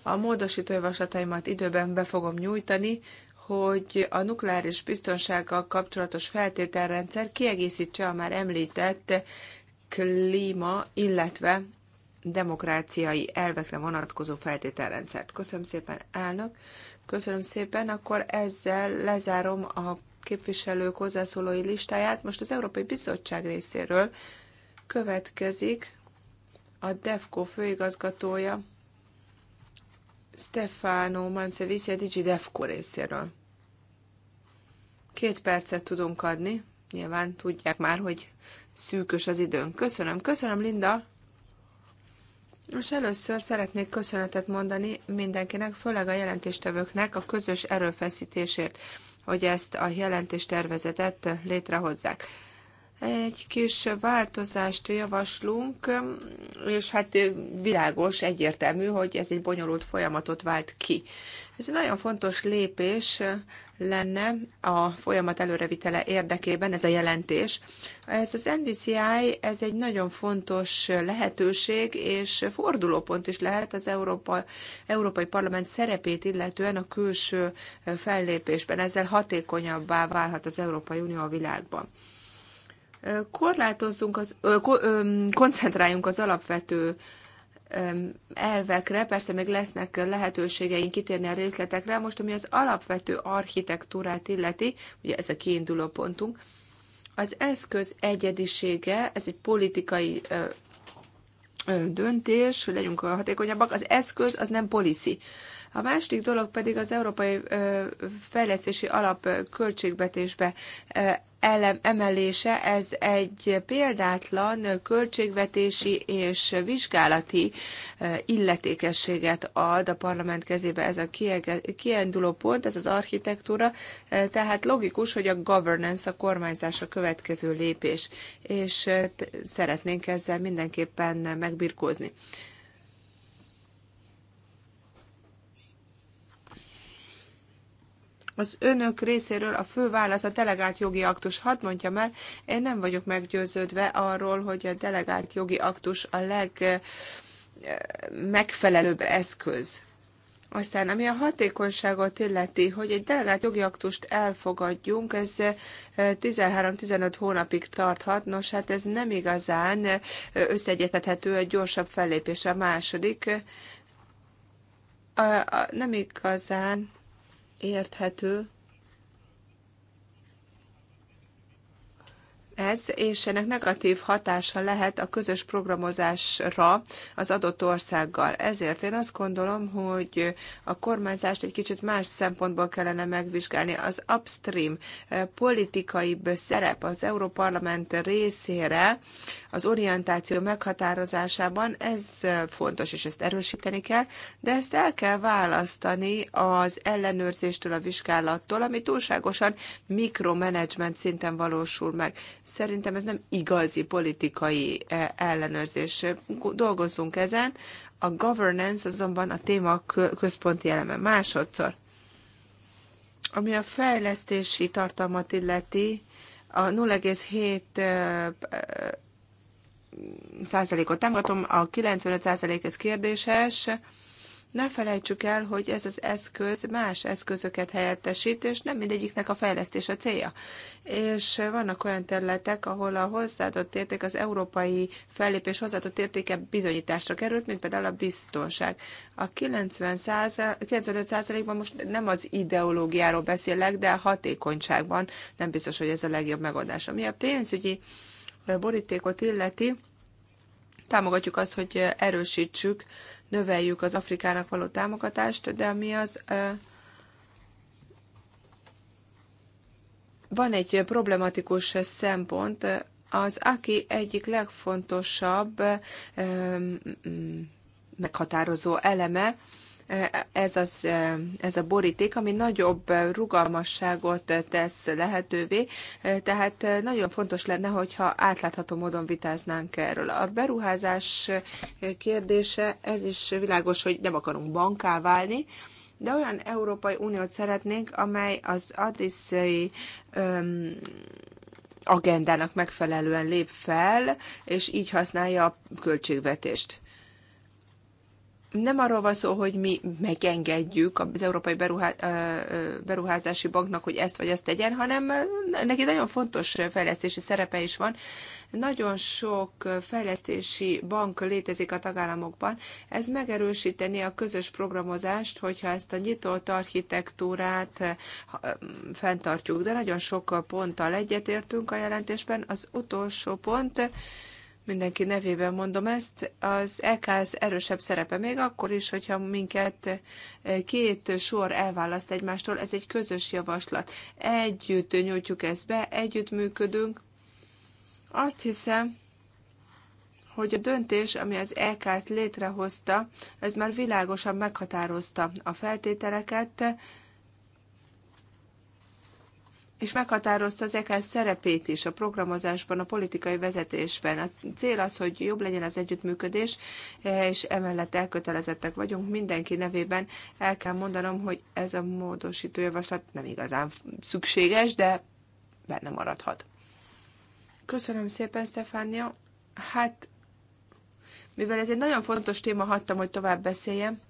A módosító javaslataimat időben be fogom nyújtani, hogy a nukleáris biztonsággal kapcsolatos feltételrendszer kiegészítse a már említett klíma, illetve demokráciai elvekre vonatkozó feltételrendszert. Köszönöm szépen, elnök. Köszönöm szépen, akkor ezzel lezárom a képviselők hozzászólói listáját. Most az Európai Bizottság részéről következik a DEFCO főigazgatója, Stefano Mansevicia Digi Defco részéről. Két percet tudunk adni, nyilván tudják már, hogy szűkös az időnk. Köszönöm, köszönöm Linda! Most először szeretnék köszönetet mondani mindenkinek, főleg a jelentéstevőknek a közös erőfeszítésért, hogy ezt a jelentéstervezetet létrehozzák egy kis változást javaslunk, és hát világos, egyértelmű, hogy ez egy bonyolult folyamatot vált ki. Ez egy nagyon fontos lépés lenne a folyamat előrevitele érdekében, ez a jelentés. Ez az NVCI, ez egy nagyon fontos lehetőség, és fordulópont is lehet az Európa, Európai Parlament szerepét illetően a külső fellépésben. Ezzel hatékonyabbá válhat az Európai Unió a világban korlátozzunk, az, koncentráljunk az alapvető elvekre, persze még lesznek lehetőségeink kitérni a részletekre, most ami az alapvető architektúrát illeti, ugye ez a kiinduló pontunk, az eszköz egyedisége, ez egy politikai döntés, hogy legyünk hatékonyabbak, az eszköz az nem policy. A másik dolog pedig az Európai Fejlesztési Alap költségvetésbe emelése, ez egy példátlan költségvetési és vizsgálati illetékességet ad a parlament kezébe ez a kiinduló pont, ez az architektúra, tehát logikus, hogy a governance, a kormányzás a következő lépés, és szeretnénk ezzel mindenképpen megbirkózni. az önök részéről a fő válasz a delegált jogi aktus. Hadd mondjam el, én nem vagyok meggyőződve arról, hogy a delegált jogi aktus a legmegfelelőbb eh, eszköz. Aztán, ami a hatékonyságot illeti, hogy egy delegált jogi aktust elfogadjunk, ez 13-15 eh, hónapig tarthat, nos hát ez nem igazán eh, összeegyeztethető egy gyorsabb fellépés a második. A, a, nem igazán érthető, ez, és ennek negatív hatása lehet a közös programozásra az adott országgal. Ezért én azt gondolom, hogy a kormányzást egy kicsit más szempontból kellene megvizsgálni. Az upstream eh, politikai szerep az Európarlament részére az orientáció meghatározásában, ez eh, fontos, és ezt erősíteni kell, de ezt el kell választani az ellenőrzéstől, a vizsgálattól, ami túlságosan mikromanagement szinten valósul meg. Szerintem ez nem igazi politikai e, ellenőrzés. Dolgozzunk ezen. A governance azonban a téma központi eleme. Másodszor, ami a fejlesztési tartalmat illeti, a 0,7 e, e, százalékot támogatom, a 95 százalék ez kérdéses, ne felejtsük el, hogy ez az eszköz más eszközöket helyettesít, és nem mindegyiknek a fejlesztés a célja. És vannak olyan területek, ahol a hozzáadott érték, az európai fellépés hozzáadott értéke bizonyításra került, mint például a biztonság. A 90 95%-ban most nem az ideológiáról beszélek, de a hatékonyságban nem biztos, hogy ez a legjobb megoldás. Ami a pénzügyi borítékot illeti, támogatjuk azt, hogy erősítsük növeljük az Afrikának való támogatást, de mi az van egy problematikus szempont, az aki egyik legfontosabb meghatározó eleme ez, az, ez a boríték, ami nagyobb rugalmasságot tesz lehetővé, tehát nagyon fontos lenne, hogyha átlátható módon vitáznánk erről. A beruházás kérdése, ez is világos, hogy nem akarunk banká válni, de olyan Európai Uniót szeretnénk, amely az Addis-i agendának megfelelően lép fel, és így használja a költségvetést nem arról van szó, hogy mi megengedjük az Európai Beruházási Banknak, hogy ezt vagy ezt tegyen, hanem neki nagyon fontos fejlesztési szerepe is van. Nagyon sok fejlesztési bank létezik a tagállamokban. Ez megerősíteni a közös programozást, hogyha ezt a nyitott architektúrát fenntartjuk. De nagyon sok ponttal egyetértünk a jelentésben. Az utolsó pont, mindenki nevében mondom ezt, az EKS erősebb szerepe, még akkor is, hogyha minket két sor elválaszt egymástól, ez egy közös javaslat. Együtt nyújtjuk ezt be, együtt működünk. Azt hiszem, hogy a döntés, ami az EKS létrehozta, ez már világosan meghatározta a feltételeket, és meghatározta az EKS szerepét is a programozásban, a politikai vezetésben. A cél az, hogy jobb legyen az együttműködés, és emellett elkötelezettek vagyunk mindenki nevében. El kell mondanom, hogy ez a módosító javaslat nem igazán szükséges, de benne maradhat. Köszönöm szépen, Stefánia. Hát, mivel ez egy nagyon fontos téma, hagytam, hogy tovább beszéljem.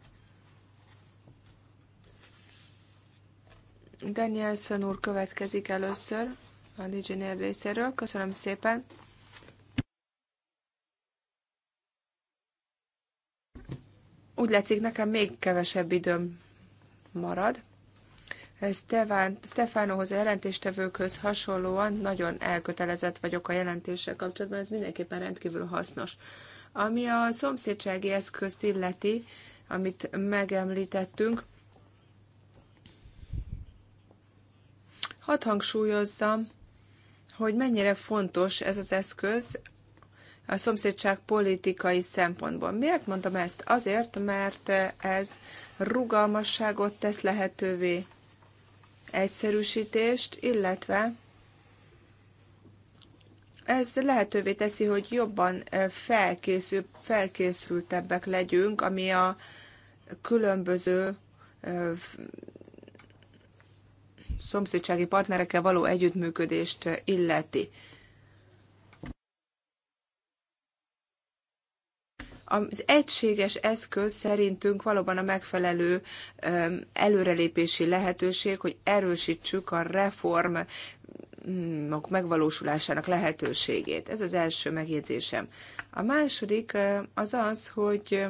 Danielson úr következik először a Diginér részéről. Köszönöm szépen. Úgy látszik, nekem még kevesebb időm marad. Stefán, Stefánóhoz a jelentéstevőkhöz hasonlóan nagyon elkötelezett vagyok a jelentéssel kapcsolatban, ez mindenképpen rendkívül hasznos. Ami a szomszédsági eszközt illeti, amit megemlítettünk, Hadd hangsúlyozzam, hogy mennyire fontos ez az eszköz a szomszédság politikai szempontból. Miért mondtam ezt? Azért, mert ez rugalmasságot tesz lehetővé, egyszerűsítést, illetve ez lehetővé teszi, hogy jobban felkészül, felkészültebbek legyünk, ami a különböző szomszédsági partnerekkel való együttműködést illeti. Az egységes eszköz szerintünk valóban a megfelelő előrelépési lehetőség, hogy erősítsük a reform mm, megvalósulásának lehetőségét. Ez az első megjegyzésem. A második az az, hogy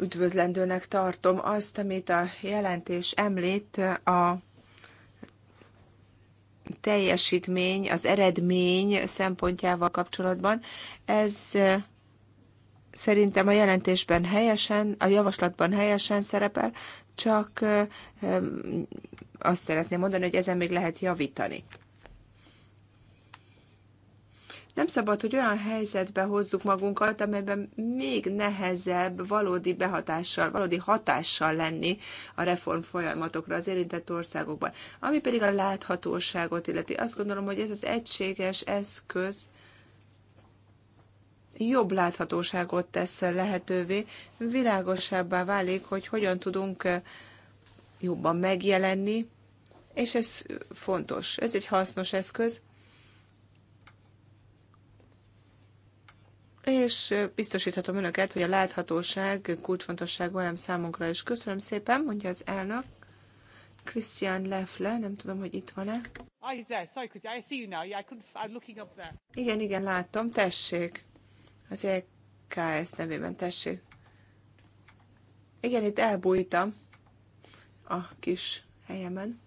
üdvözlendőnek tartom azt, amit a jelentés említ a teljesítmény, az eredmény szempontjával kapcsolatban. Ez szerintem a jelentésben helyesen, a javaslatban helyesen szerepel, csak azt szeretném mondani, hogy ezen még lehet javítani. Nem szabad, hogy olyan helyzetbe hozzuk magunkat, amelyben még nehezebb valódi behatással, valódi hatással lenni a reform folyamatokra az érintett országokban. Ami pedig a láthatóságot illeti. Azt gondolom, hogy ez az egységes eszköz, jobb láthatóságot tesz lehetővé, világosabbá válik, hogy hogyan tudunk jobban megjelenni, és ez fontos, ez egy hasznos eszköz, és biztosíthatom önöket, hogy a láthatóság kulcsfontosságú elem számunkra is. Köszönöm szépen, mondja az elnök. Christian Lefle, nem tudom, hogy itt van-e. Oh, igen, igen, látom, tessék. Az EKS nevében, tessék. Igen, itt elbújtam a kis helyemen.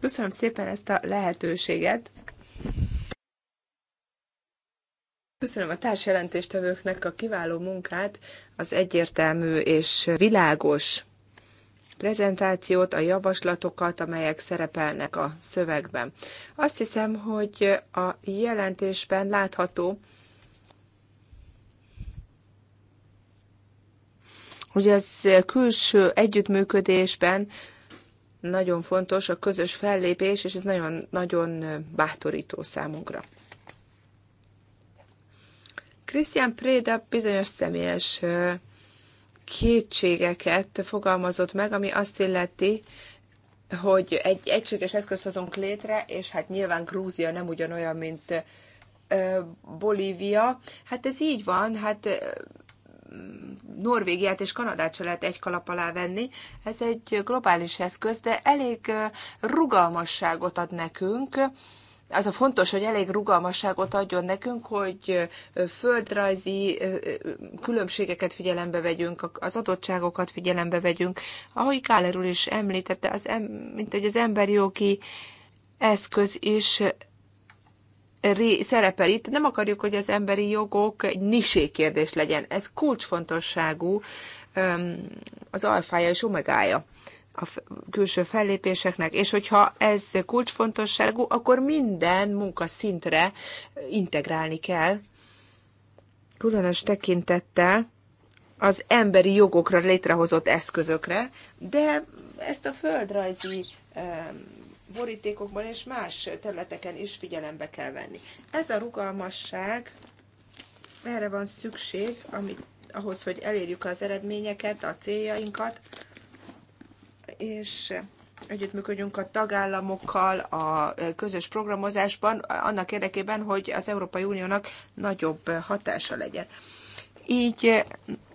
Köszönöm szépen ezt a lehetőséget. Köszönöm a társjelentéstevőknek a kiváló munkát, az egyértelmű és világos prezentációt, a javaslatokat, amelyek szerepelnek a szövegben. Azt hiszem, hogy a jelentésben látható, hogy az külső együttműködésben nagyon fontos a közös fellépés, és ez nagyon-nagyon bátorító számunkra. Krisztián Préda bizonyos személyes kétségeket fogalmazott meg, ami azt illeti, hogy egy egységes eszköz hozunk létre, és hát nyilván Grúzia nem ugyanolyan, mint Bolívia. Hát ez így van, hát Norvégiát és Kanadát se lehet egy kalap alá venni. Ez egy globális eszköz, de elég rugalmasságot ad nekünk az a fontos, hogy elég rugalmasságot adjon nekünk, hogy földrajzi különbségeket figyelembe vegyünk, az adottságokat figyelembe vegyünk. Ahogy Káler úr is említette, az em, mint hogy az emberi jogi eszköz is szerepel itt. Nem akarjuk, hogy az emberi jogok egy nisé kérdés legyen. Ez kulcsfontosságú az alfája és omegája a külső fellépéseknek, és hogyha ez kulcsfontosságú, akkor minden munkaszintre integrálni kell, különös tekintettel az emberi jogokra létrehozott eszközökre, de ezt a földrajzi borítékokban és más területeken is figyelembe kell venni. Ez a rugalmasság, erre van szükség, amit, ahhoz, hogy elérjük az eredményeket, a céljainkat, és együttműködjünk a tagállamokkal a közös programozásban, annak érdekében, hogy az Európai Uniónak nagyobb hatása legyen. Így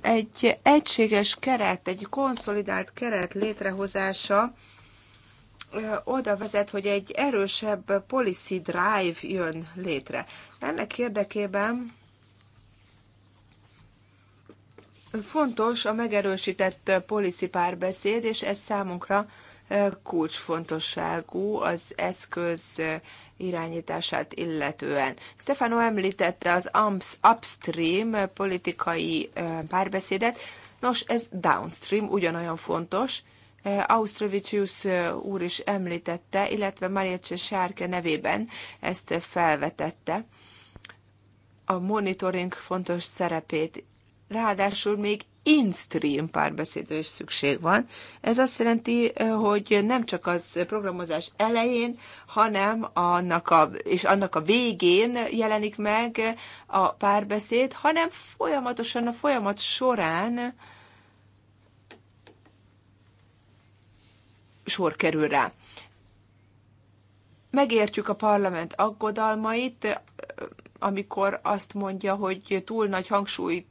egy egységes keret, egy konszolidált keret létrehozása oda vezet, hogy egy erősebb policy drive jön létre. Ennek érdekében Fontos a megerősített policy párbeszéd, és ez számunkra kulcsfontosságú az eszköz irányítását illetően. Stefano említette az upstream politikai párbeszédet, nos, ez downstream ugyanolyan fontos, Ausztrovicius úr is említette, illetve Marietse Sárke nevében ezt felvetette a monitoring fontos szerepét ráadásul még in-stream párbeszédre is szükség van. Ez azt jelenti, eh, hogy nem csak az programozás elején, hanem annak a, és annak a végén jelenik meg a párbeszéd, hanem folyamatosan a folyamat során sor kerül rá megértjük a parlament aggodalmait, amikor azt mondja, hogy túl nagy hangsúly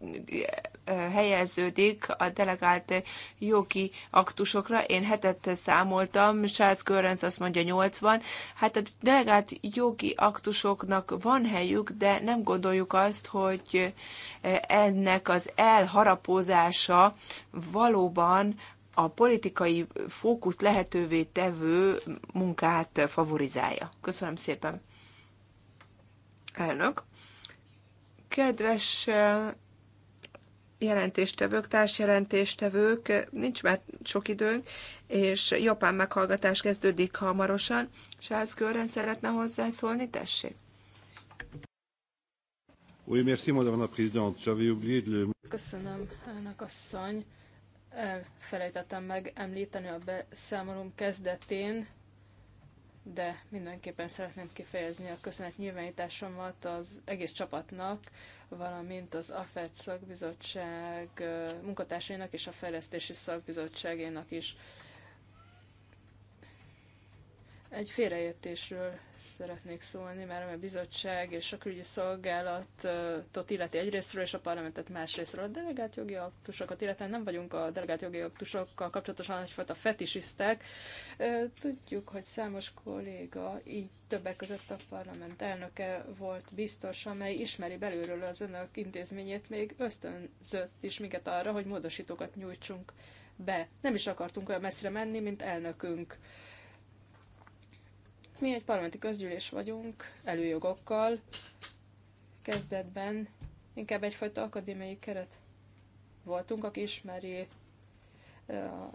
eh, helyeződik a delegált jogi aktusokra. Én hetet számoltam, Charles Görens azt mondja 80. Hát a delegált jogi aktusoknak van helyük, de nem gondoljuk azt, hogy eh, ennek az elharapózása valóban a politikai fókusz lehetővé tevő munkát favorizálja. Köszönöm szépen. Elnök. Kedves jelentéstevők, társjelentéstevők, nincs már sok időnk, és japán meghallgatás kezdődik hamarosan. Charles Gören szeretne hozzászólni, tessék. Oui, merci, madame la présidente. J'avais oublié de le... Köszönöm, elnök asszony. Elfelejtettem meg említeni a beszámolom kezdetén, de mindenképpen szeretném kifejezni a köszönet nyilvánításomat az egész csapatnak, valamint az AFED szakbizottság munkatársainak és a fejlesztési szakbizottságénak is. Egy félreértésről szeretnék szólni, mert a bizottság és a külügyi szolgálatot illeti egyrésztről, és a parlamentet másrésztről. A delegált jogi aktusokat illetve nem vagyunk a delegált jogi aktusokkal kapcsolatosan egyfajta fetisisztek. Tudjuk, hogy számos kolléga, így többek között a parlament elnöke volt biztos, amely ismeri belülről az önök intézményét, még ösztönzött is minket arra, hogy módosítókat nyújtsunk be. Nem is akartunk olyan messzire menni, mint elnökünk. Mi egy parlamenti közgyűlés vagyunk, előjogokkal, kezdetben inkább egyfajta akadémiai keret voltunk, aki ismeri a,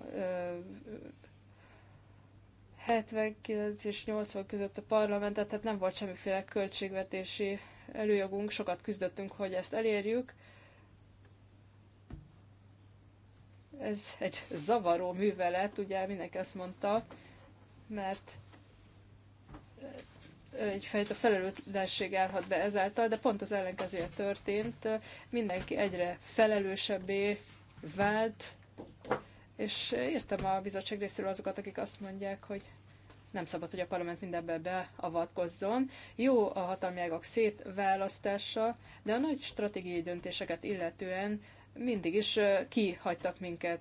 79 és 80 között a parlamentet, tehát nem volt semmiféle költségvetési előjogunk, sokat küzdöttünk, hogy ezt elérjük. Ez egy zavaró művelet, ugye mindenki azt mondta, mert egyfajta felelőtlenség állhat be ezáltal, de pont az ellenkezője történt. Mindenki egyre felelősebbé vált, és értem a bizottság részéről azokat, akik azt mondják, hogy nem szabad, hogy a parlament mindenbe beavatkozzon. Jó a hatalmiágok szétválasztása, de a nagy stratégiai döntéseket illetően mindig is kihagytak minket.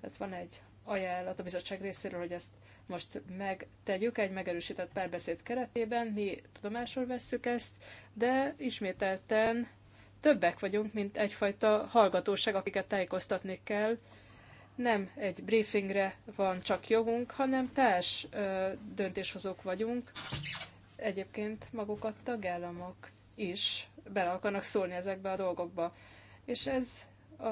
Tehát van egy ajánlat a bizottság részéről, hogy ezt most megtegyük egy megerősített párbeszéd keretében, mi tudomásul vesszük ezt, de ismételten többek vagyunk, mint egyfajta hallgatóság, akiket tájékoztatni kell. Nem egy briefingre van csak jogunk, hanem társ ö, döntéshozók vagyunk. Egyébként magukat a tagállamok is bele akarnak szólni ezekbe a dolgokba. És ez a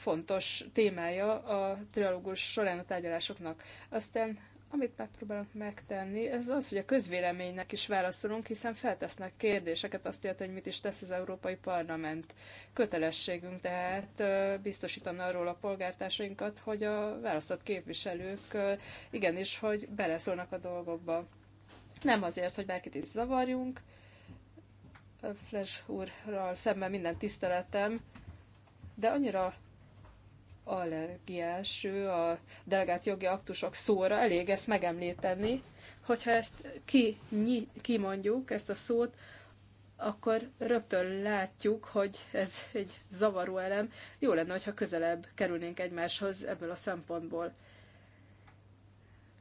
fontos témája a trialógus során a tárgyalásoknak. Aztán amit megpróbálunk megtenni, ez az, hogy a közvéleménynek is válaszolunk, hiszen feltesznek kérdéseket, azt jelenti, hogy mit is tesz az Európai Parlament. Kötelességünk tehát biztosítani arról a polgártársainkat, hogy a választott képviselők igenis, hogy beleszólnak a dolgokba. Nem azért, hogy bárkit is zavarjunk, Flash úrral szemben minden tiszteletem, de annyira allergiás ő a delegált jogi aktusok szóra, elég ezt megemlíteni. Hogyha ezt ki, nyi, kimondjuk, ezt a szót, akkor rögtön látjuk, hogy ez egy zavaró elem. Jó lenne, ha közelebb kerülnénk egymáshoz ebből a szempontból.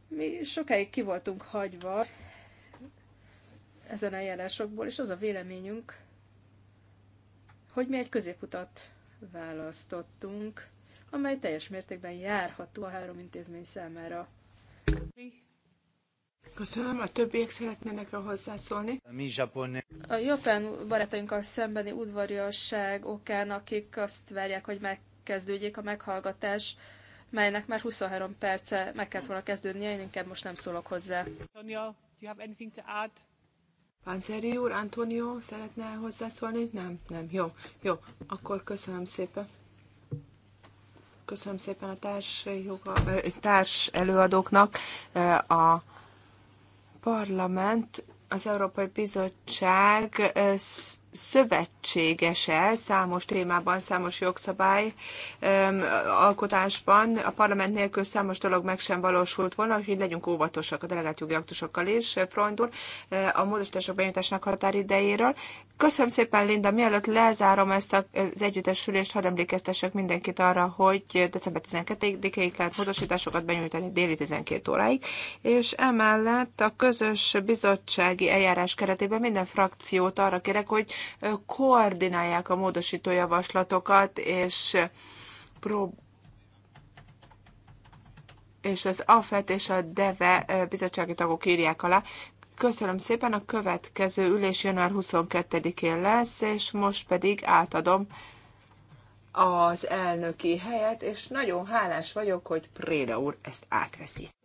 Mi sokáig ki voltunk hagyva ezen a eljárásokból, és az a véleményünk, hogy mi egy középutat választottunk amely teljes mértékben járható a három intézmény számára. Köszönöm, a többiek szeretnének hozzászólni. Mi japán. A japán barátainkkal szembeni udvariasság okán, akik azt várják, hogy megkezdődjék a meghallgatás, melynek már 23 perce meg kellett volna kezdődnie, én inkább most nem szólok hozzá. Antonio, do you have anything to add? Panzeri úr, Antonio, szeretne hozzászólni? Nem, nem, jó, jó, akkor köszönöm szépen. Köszönöm szépen a társ, joga, társ előadóknak. A parlament, az Európai Bizottság szövetségese számos témában, számos jogszabály öm, alkotásban. A parlament nélkül számos dolog meg sem valósult volna, hogy legyünk óvatosak a delegált jogi aktusokkal is, Freundur, a módosítások bejutásnak határidejéről. Köszönöm szépen, Linda, mielőtt lezárom ezt az együttesülést, hadd emlékeztessek mindenkit arra, hogy december 12-ig lehet módosításokat benyújtani déli 12 óráig, és emellett a közös bizottsági eljárás keretében minden frakciót arra kérek, hogy koordinálják a módosító javaslatokat, és prób- és az AFET és a DEVE bizottsági tagok írják alá. Köszönöm szépen, a következő ülés január 22-én lesz, és most pedig átadom az elnöki helyet, és nagyon hálás vagyok, hogy Préda úr ezt átveszi.